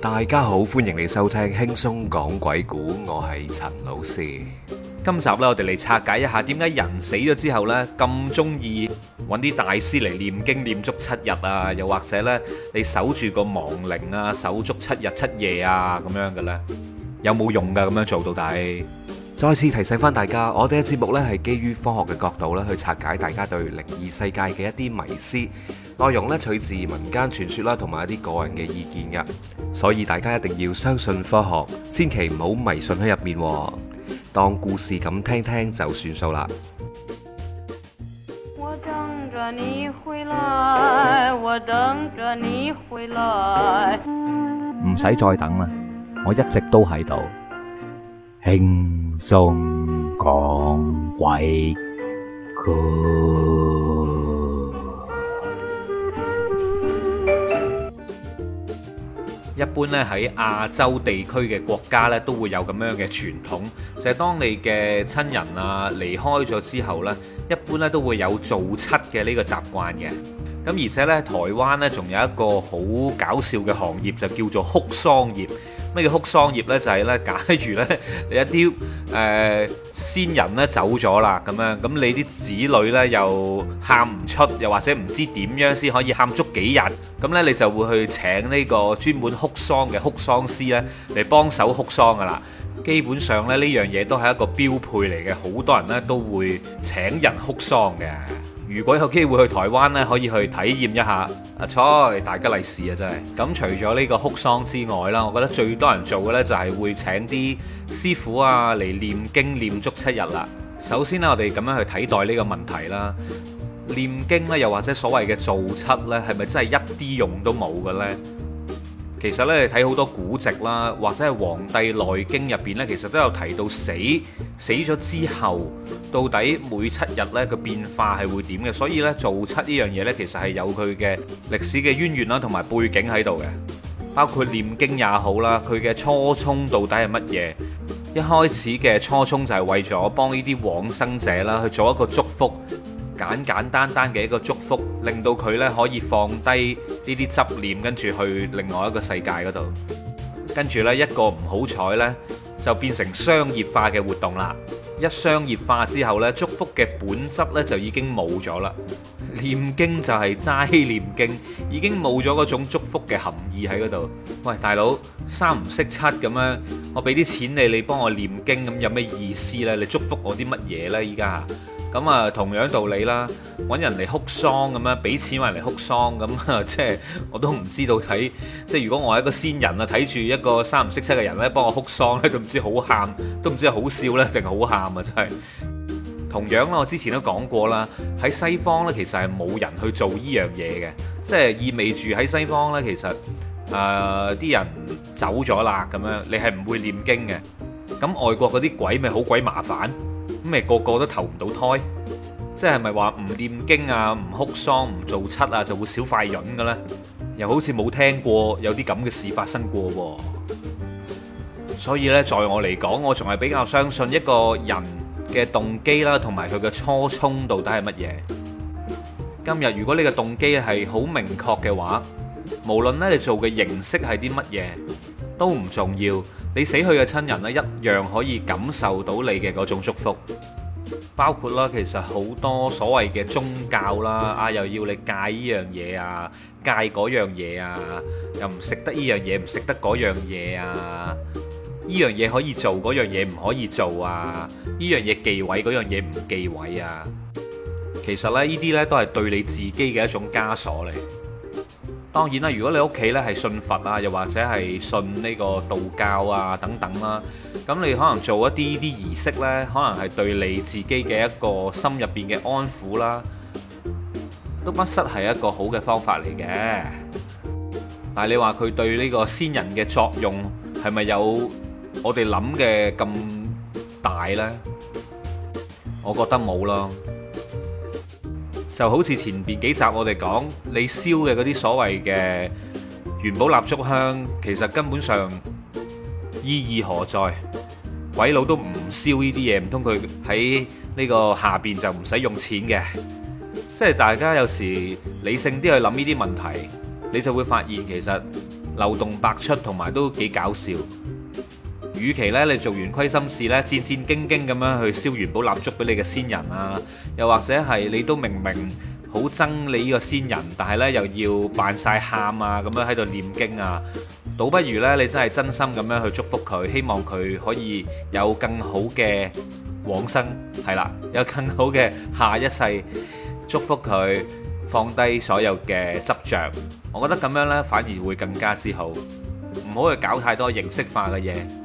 大家好，歡迎你收聽輕鬆講鬼故。我係陳老師。今集咧，我哋嚟拆解一下，點解人死咗之後呢，咁中意揾啲大師嚟念經念足七日啊？又或者呢，你守住個亡靈啊，守足七日七夜啊，咁樣嘅咧，有冇用噶？咁樣做到底？再次提醒翻大家，我哋嘅節目呢，係基於科學嘅角度呢，去拆解大家對靈異世界嘅一啲迷思。內容咧取自民間傳說啦，同埋一啲個人嘅意見嘅，所以大家一定要相信科學，千祈唔好迷信喺入面，當故事咁聽聽就算數啦。我等着你回來，我等着你回來，唔使再等啦，我一直都喺度。輕鬆講鬼故。一般咧喺亞洲地區嘅國家咧都會有咁樣嘅傳統，就係當你嘅親人啊離開咗之後咧，一般咧都會有做七嘅呢個習慣嘅。咁而且咧，台灣咧仲有一個好搞笑嘅行業，就叫做哭喪業。咩叫哭喪業呢？就係呢，假如呢，你一啲誒先人呢走咗啦，咁樣咁你啲子女呢又喊唔出，又或者唔知點樣先可以喊足幾日，咁呢你就會去請呢個專門哭喪嘅哭喪師呢嚟幫手哭喪噶啦。基本上呢呢樣嘢都係一個標配嚟嘅，好多人呢都會請人哭喪嘅。如果有機會去台灣呢，可以去體驗一下。阿、啊、蔡，大吉利是啊，真係！咁除咗呢個哭喪之外啦，我覺得最多人做嘅呢，就係會請啲師傅啊嚟念經念足七日啦。首先呢，我哋咁樣去睇待呢個問題啦。念經呢，又或者所謂嘅做七呢，係咪真係一啲用都冇嘅呢？其實呢，睇好多古籍啦，或者係《黃帝內經》入邊呢，其實都有提到死死咗之後到底每七日呢個變化係會點嘅，所以呢，做七呢樣嘢呢，其實係有佢嘅歷史嘅淵源啦，同埋背景喺度嘅，包括念經也好啦，佢嘅初衷到底係乜嘢？一開始嘅初衷就係為咗幫呢啲往生者啦去做一個祝福。簡簡單單嘅一個祝福，令到佢呢可以放低呢啲執念，跟住去另外一個世界嗰度。跟住呢一個唔好彩呢，就變成商業化嘅活動啦。一商業化之後呢，祝福嘅本質呢就已經冇咗啦。念經就係齋念經，已經冇咗嗰種祝福嘅含義喺嗰度。喂，大佬三唔識七咁樣，我俾啲錢你，你幫我念經，咁有咩意思呢？你祝福我啲乜嘢呢？依家？咁啊，同樣道理啦，揾人嚟哭喪咁樣，俾錢揾人嚟哭喪咁啊，即係我都唔知道睇，即係如果我係一個先人啊，睇住一個三唔識七嘅人咧，幫我哭喪咧，都唔知好喊，都唔知好笑咧，定好喊啊！真係同樣啦，我之前都講過啦，喺西方咧，其實係冇人去做呢樣嘢嘅，即係意味住喺西方咧，其實誒啲、呃、人走咗啦，咁樣你係唔會念經嘅，咁外國嗰啲鬼咪好鬼麻煩。咁咪個個都投唔到胎，即係咪話唔念經啊、唔哭喪、唔做七啊，就會少塊潤嘅咧？又好似冇聽過有啲咁嘅事發生過喎。所以呢，在我嚟講，我仲係比較相信一個人嘅動機啦，同埋佢嘅初衷到底係乜嘢。今日如果呢個動機係好明確嘅話，無論呢你做嘅形式係啲乜嘢，都唔重要，你死去嘅親人咧，一樣可以感受到你嘅嗰種祝福。包括啦，其實好多所謂嘅宗教啦，啊又要你戒呢樣嘢啊，戒嗰樣嘢啊，又唔食得呢樣嘢，唔食得嗰樣嘢啊，呢樣嘢可以做，嗰樣嘢唔可以做啊，呢樣嘢忌諱，嗰樣嘢唔忌諱啊。其實咧呢啲呢，都係對你自己嘅一種枷鎖嚟。當然啦，如果你屋企咧係信佛啊，又或者係信呢個道教啊等等啦，咁你可能做一啲啲儀式呢，可能係對你自己嘅一個心入邊嘅安撫啦，都不失係一個好嘅方法嚟嘅。但係你話佢對呢個先人嘅作用係咪有我哋諗嘅咁大呢？我覺得冇囉。就好似前邊幾集我哋講，你燒嘅嗰啲所謂嘅元寶蠟燭香，其實根本上意義何在？鬼佬都唔燒呢啲嘢，唔通佢喺呢個下邊就唔使用錢嘅？即係大家有時理性啲去諗呢啲問題，你就會發現其實漏洞百出，同埋都幾搞笑。與其咧，你做完虧心事咧，戰戰兢兢咁樣去燒元寶蠟燭俾你嘅先人啊，又或者係你都明明好憎你呢個先人，但係咧又要扮晒喊啊，咁樣喺度念經啊，倒不如咧你真係真心咁樣去祝福佢，希望佢可以有更好嘅往生，係啦，有更好嘅下一世祝福佢，放低所有嘅執着，我覺得咁樣咧反而會更加之好，唔好去搞太多形式化嘅嘢。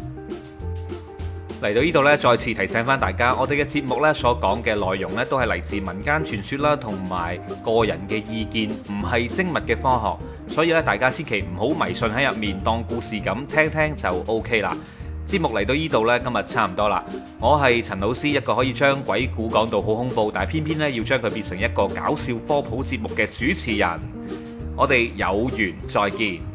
嚟到呢度咧，再次提醒翻大家，我哋嘅節目咧，所講嘅內容咧，都係嚟自民間傳說啦，同埋個人嘅意見，唔係精密嘅科學，所以咧大家千祈唔好迷信喺入面，當故事咁聽聽就 OK 啦。節目嚟到呢度咧，今日差唔多啦。我係陳老師，一個可以將鬼故講到好恐怖，但係偏偏咧要將佢變成一個搞笑科普節目嘅主持人。我哋有緣再見。